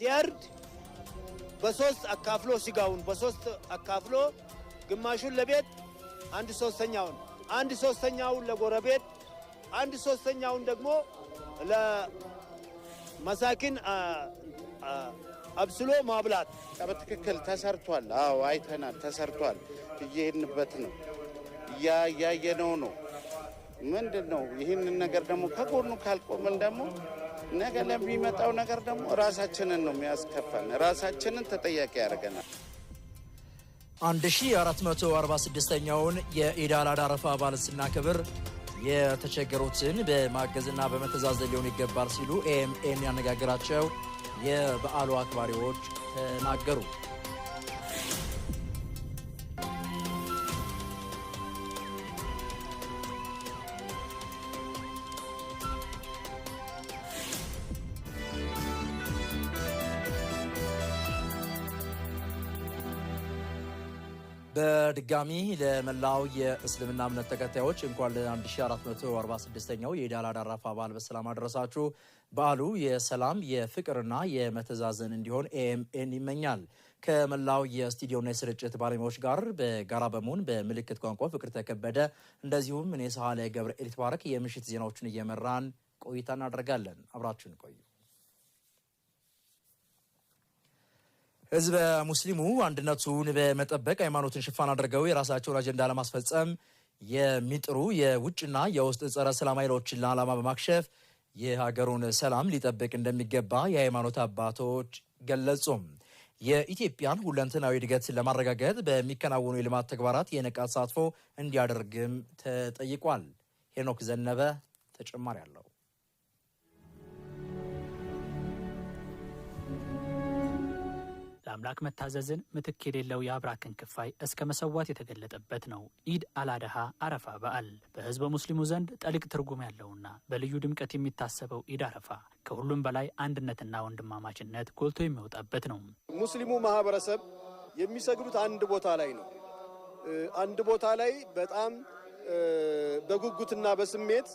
ሲያርድ በሶስት አካፍሎ ስጋውን በሶስት አካፍሎ ግማሹን ለቤት አንድ ሶስተኛውን አንድ ሶስተኛውን ለጎረቤት አንድ ሶስተኛውን ደግሞ ለመሳኪን አብስሎ ማብላት በትክክል ተሰርቷል። አዎ አይተናል፣ ተሰርቷል። እየሄድንበት ነው፣ እያየነው ነው። ምንድን ነው ይህንን ነገር ደግሞ ከጎኑ ካልቆምን ደግሞ ነገ ለሚመጣው ነገር ደግሞ ራሳችንን ነው የሚያስከፋን፣ ራሳችንን ተጠያቂ ያደርገናል። 1446ኛውን የኢድ አል አድሃ አረፋ በዓልን ስናከብር የተቸገሩትን በማገዝና በመተዛዝ ሊሆን ይገባል ሲሉ ኤኤምኤን ያነጋገራቸው የበዓሉ አክባሪዎች ተናገሩ። በድጋሚ ለመላው የእስልምና እምነት ተከታዮች እንኳን ለ1446ኛው የኢዳላ ዳራፋ በዓል በሰላም አድረሳችሁ በዓሉ የሰላም የፍቅርና የመተዛዘን እንዲሆን ኤኤምኤን ይመኛል። ከመላው የስቱዲዮና የስርጭት ባለሙያዎች ጋር በጋራ በመሆን በምልክት ቋንቋ ፍቅር ተከበደ፣ እንደዚሁም እኔ ሳህለ ገብረ ኤልትባረክ የምሽት ዜናዎችን እየመራን ቆይታ እናደርጋለን። አብራችሁን ቆዩ። ህዝበ ሙስሊሙ አንድነቱን በመጠበቅ ሃይማኖትን ሽፋን አድርገው የራሳቸውን አጀንዳ ለማስፈጸም የሚጥሩ የውጭና የውስጥ ጸረ ሰላም ኃይሎችን ለዓላማ በማክሸፍ የሀገሩን ሰላም ሊጠብቅ እንደሚገባ የሃይማኖት አባቶች ገለጹም። የኢትዮጵያን ሁለንትናዊ እድገት ለማረጋገጥ በሚከናወኑ የልማት ተግባራት የነቃ ተሳትፎ እንዲያደርግም ተጠይቋል። ሄኖክ ዘነበ ተጨማሪ አለው። ለአምላክ መታዘዝን ምትክ የሌለው የአብራክን ክፋይ እስከ መሰዋት የተገለጠበት ነው። ኢድ አላደሃ አረፋ በዓል በህዝበ ሙስሊሙ ዘንድ ጠልቅ ትርጉም ያለውና በልዩ ድምቀት የሚታሰበው ኢድ አረፋ ከሁሉም በላይ አንድነትና ወንድማማችነት ጎልቶ የሚወጣበት ነው። ሙስሊሙ ማህበረሰብ የሚሰግዱት አንድ ቦታ ላይ ነው። አንድ ቦታ ላይ በጣም በጉጉትና በስሜት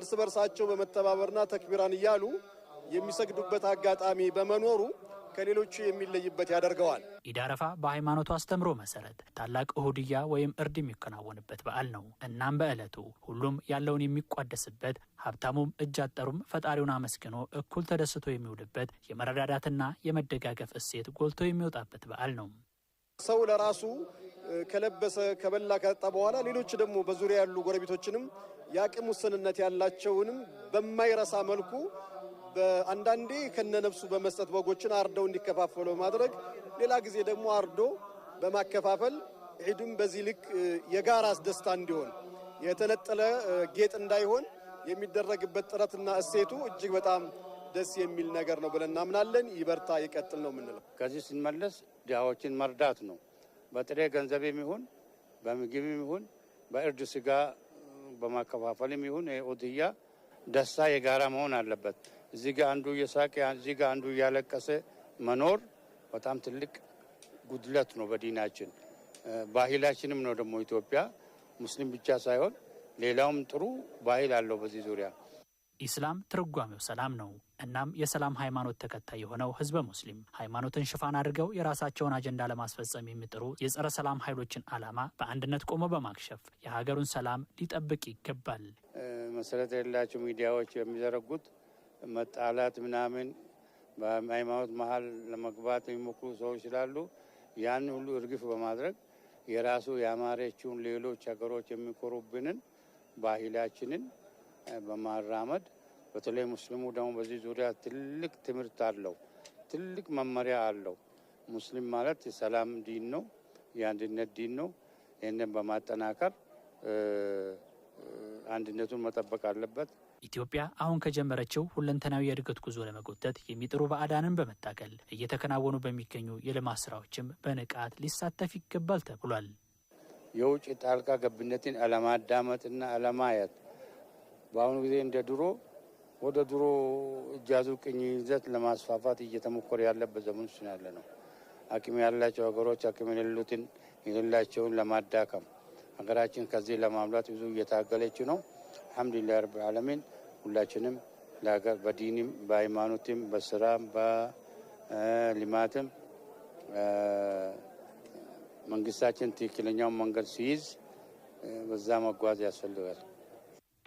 እርስ በርሳቸው በመተባበርና ተክቢራን እያሉ የሚሰግዱበት አጋጣሚ በመኖሩ ከሌሎቹ የሚለይበት ያደርገዋል። ኢድ አረፋ በሃይማኖቱ አስተምሮ መሰረት ታላቅ እሁድያ ወይም እርድ የሚከናወንበት በዓል ነው። እናም በዕለቱ ሁሉም ያለውን የሚቋደስበት፣ ሀብታሙም እጅ አጠሩም ፈጣሪውን አመስግኖ እኩል ተደስቶ የሚውልበት፣ የመረዳዳትና የመደጋገፍ እሴት ጎልቶ የሚወጣበት በዓል ነው። ሰው ለራሱ ከለበሰ ከበላ ከጠጣ በኋላ ሌሎች ደግሞ በዙሪያ ያሉ ጎረቤቶችንም የአቅም ውስንነት ያላቸውንም በማይረሳ መልኩ አንዳንዴ ከነነፍሱ በመስጠት በጎችን አርደው እንዲከፋፈሉ በማድረግ ሌላ ጊዜ ደግሞ አርዶ በማከፋፈል ዒዱም በዚህ ልክ የጋራ ደስታ እንዲሆን የተነጠለ ጌጥ እንዳይሆን የሚደረግበት ጥረትና እሴቱ እጅግ በጣም ደስ የሚል ነገር ነው ብለን እናምናለን። ይበርታ፣ ይቀጥል ነው የምንለው። ከዚህ ስንመለስ ድሃዎችን መርዳት ነው። በጥሬ ገንዘብም ይሁን በምግብም ይሁን በእርድ ስጋ በማከፋፈልም ይሁን ኡድያ ደስታ የጋራ መሆን አለበት። እዚህ ጋር አንዱ እየሳቀ እዚህ ጋር አንዱ እያለቀሰ መኖር በጣም ትልቅ ጉድለት ነው በዲናችን ባህላችንም ነው ደግሞ ኢትዮጵያ ሙስሊም ብቻ ሳይሆን ሌላውም ጥሩ ባህል አለው በዚህ ዙሪያ። ኢስላም ትርጓሜው ሰላም ነው። እናም የሰላም ሃይማኖት ተከታይ የሆነው ህዝበ ሙስሊም ሃይማኖትን ሽፋን አድርገው የራሳቸውን አጀንዳ ለማስፈጸም የሚጥሩ የጸረ ሰላም ኃይሎችን አላማ በአንድነት ቆሞ በማክሸፍ የሀገሩን ሰላም ሊጠብቅ ይገባል። መሰረት የሌላቸው ሚዲያዎች የሚዘረጉት መጣላት ምናምን በሃይማኖት መሀል ለመግባት የሚሞክሩ ሰዎች ስላሉ ያን ሁሉ እርግፍ በማድረግ የራሱ ያማረችውን ሌሎች ሀገሮች የሚኮሩብንን ባህላችንን በማራመድ በተለይ ሙስሊሙ ደግሞ በዚህ ዙሪያ ትልቅ ትምህርት አለው፣ ትልቅ መመሪያ አለው። ሙስሊም ማለት የሰላም ዲን ነው፣ የአንድነት ዲን ነው። ይህንን በማጠናከር አንድነቱን መጠበቅ አለበት። ኢትዮጵያ አሁን ከጀመረችው ሁለንተናዊ የእድገት ጉዞ ለመጎተት የሚጥሩ ባዕዳንን በመታገል እየተከናወኑ በሚገኙ የልማት ስራዎችም በንቃት ሊሳተፍ ይገባል ተብሏል። የውጭ ጣልቃ ገብነትን አለማዳመጥና አለማየት በአሁኑ ጊዜ እንደ ድሮ ወደ ድሮ እጃዙ ቅኝ ይዘት ለማስፋፋት እየተሞከረ ያለበት ዘመን ውስጥ ያለ ነው። አቅም ያላቸው ሀገሮች አቅም የሌሉትን የሌላቸውን ለማዳከም ሀገራችን ከዚህ ለማምላት ብዙ እየታገለች ነው። አልሐምዱሊላህ ረብ ዓለሚን ሁላችንም ለሀገር በዲንም በሃይማኖትም በስራም በልማትም መንግስታችን ትክክለኛውን መንገድ ሲይዝ በዛ መጓዝ ያስፈልጋል።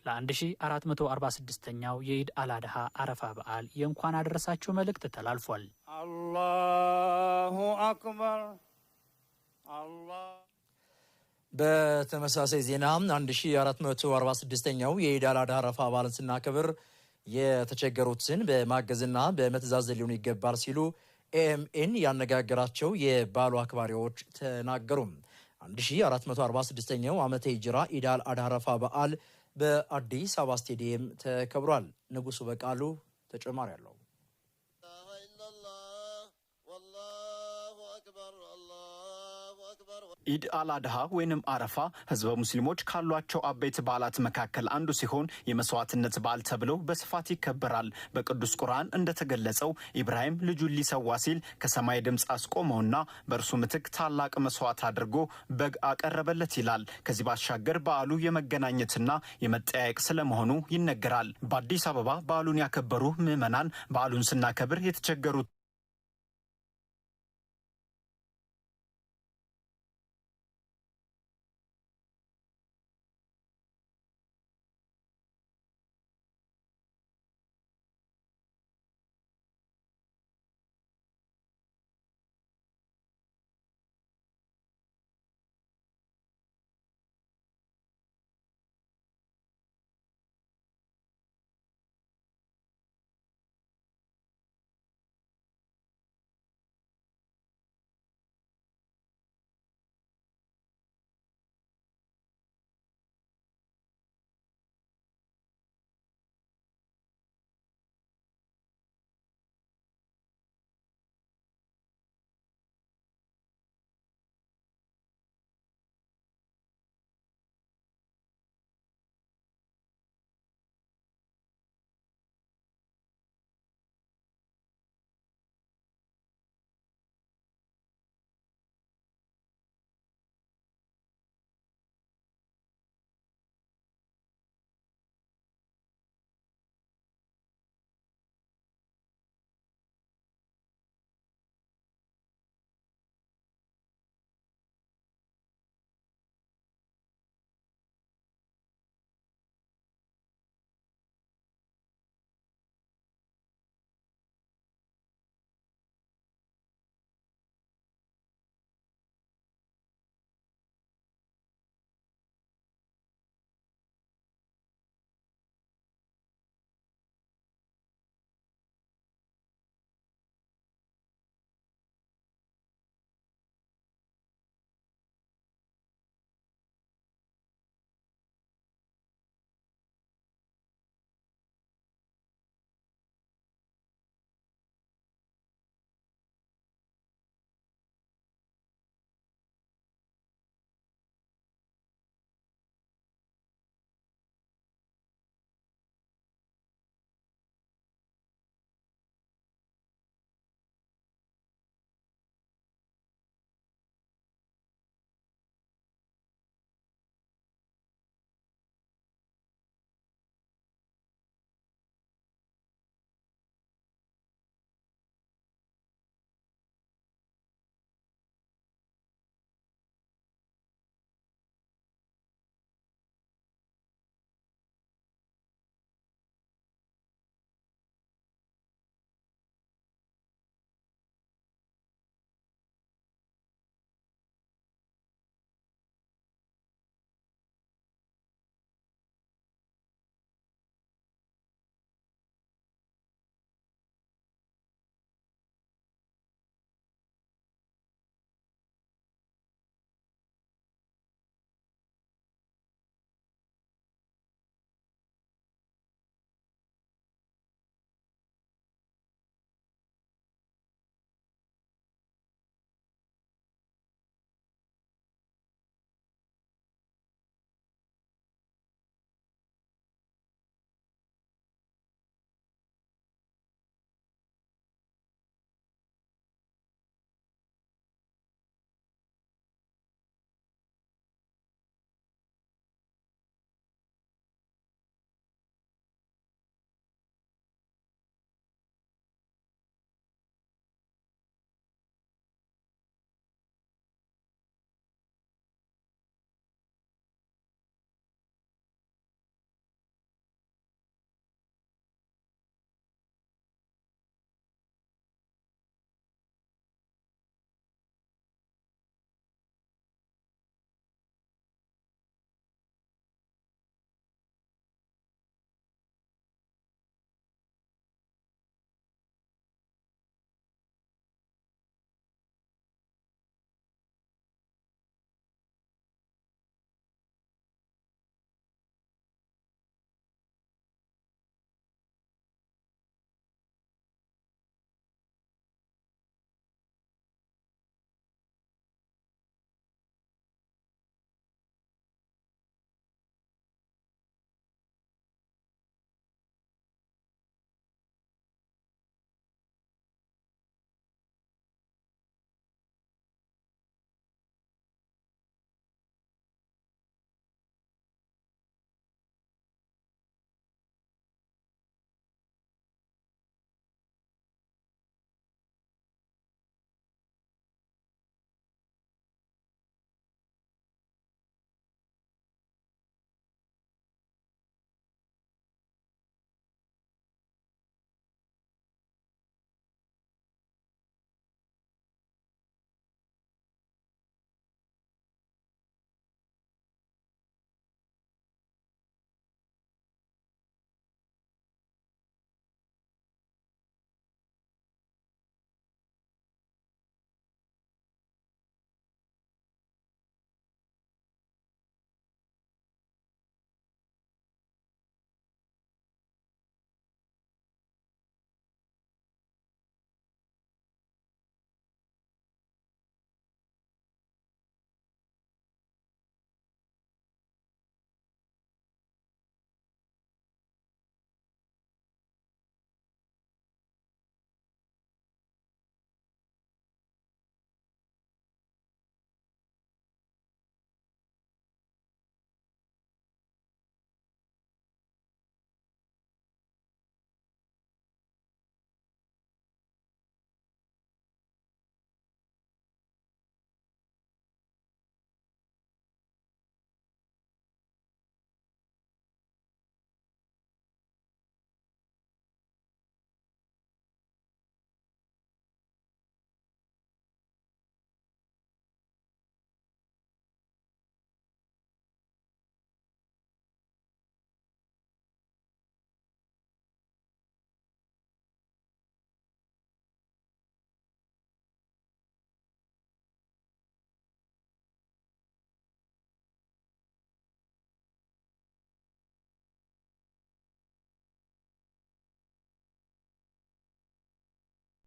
ለ1446ኛው የኢድ አልአድሃ አረፋ በዓል የእንኳን አደረሳችሁ መልእክት ተላልፏል። አላሁ አክበር በተመሳሳይ ዜና 1446ኛው የኢዳላ ዳረፋ አድሃ አረፋ በዓልን ስናከብር የተቸገሩትን በማገዝና በመተዛዘን ሊሆን ይገባል ሲሉ ኤኤምኤን ያነጋገራቸው የባሉ አክባሪዎች ተናገሩ። 1446ኛው ዓመተ ሂጅራ ኢዳል አዳረፋ አረፋ በዓል በአዲስ አበባ ስቴዲየም ተከብሯል። ንጉሱ በቃሉ ተጨማሪ አለው። ኢድ አልአድሃ ወይንም አረፋ ህዝበ ሙስሊሞች ካሏቸው አበይት በዓላት መካከል አንዱ ሲሆን የመስዋዕትነት በዓል ተብሎ በስፋት ይከበራል። በቅዱስ ቁርአን እንደተገለጸው ኢብራሂም ልጁን ሊሰዋ ሲል ከሰማይ ድምፅ አስቆመውና በእርሱ ምትክ ታላቅ መስዋዕት አድርጎ በግ አቀረበለት ይላል። ከዚህ ባሻገር በዓሉ የመገናኘትና የመጠያየቅ ስለመሆኑ ይነገራል። በአዲስ አበባ በዓሉን ያከበሩ ምዕመናን በዓሉን ስናከብር የተቸገሩት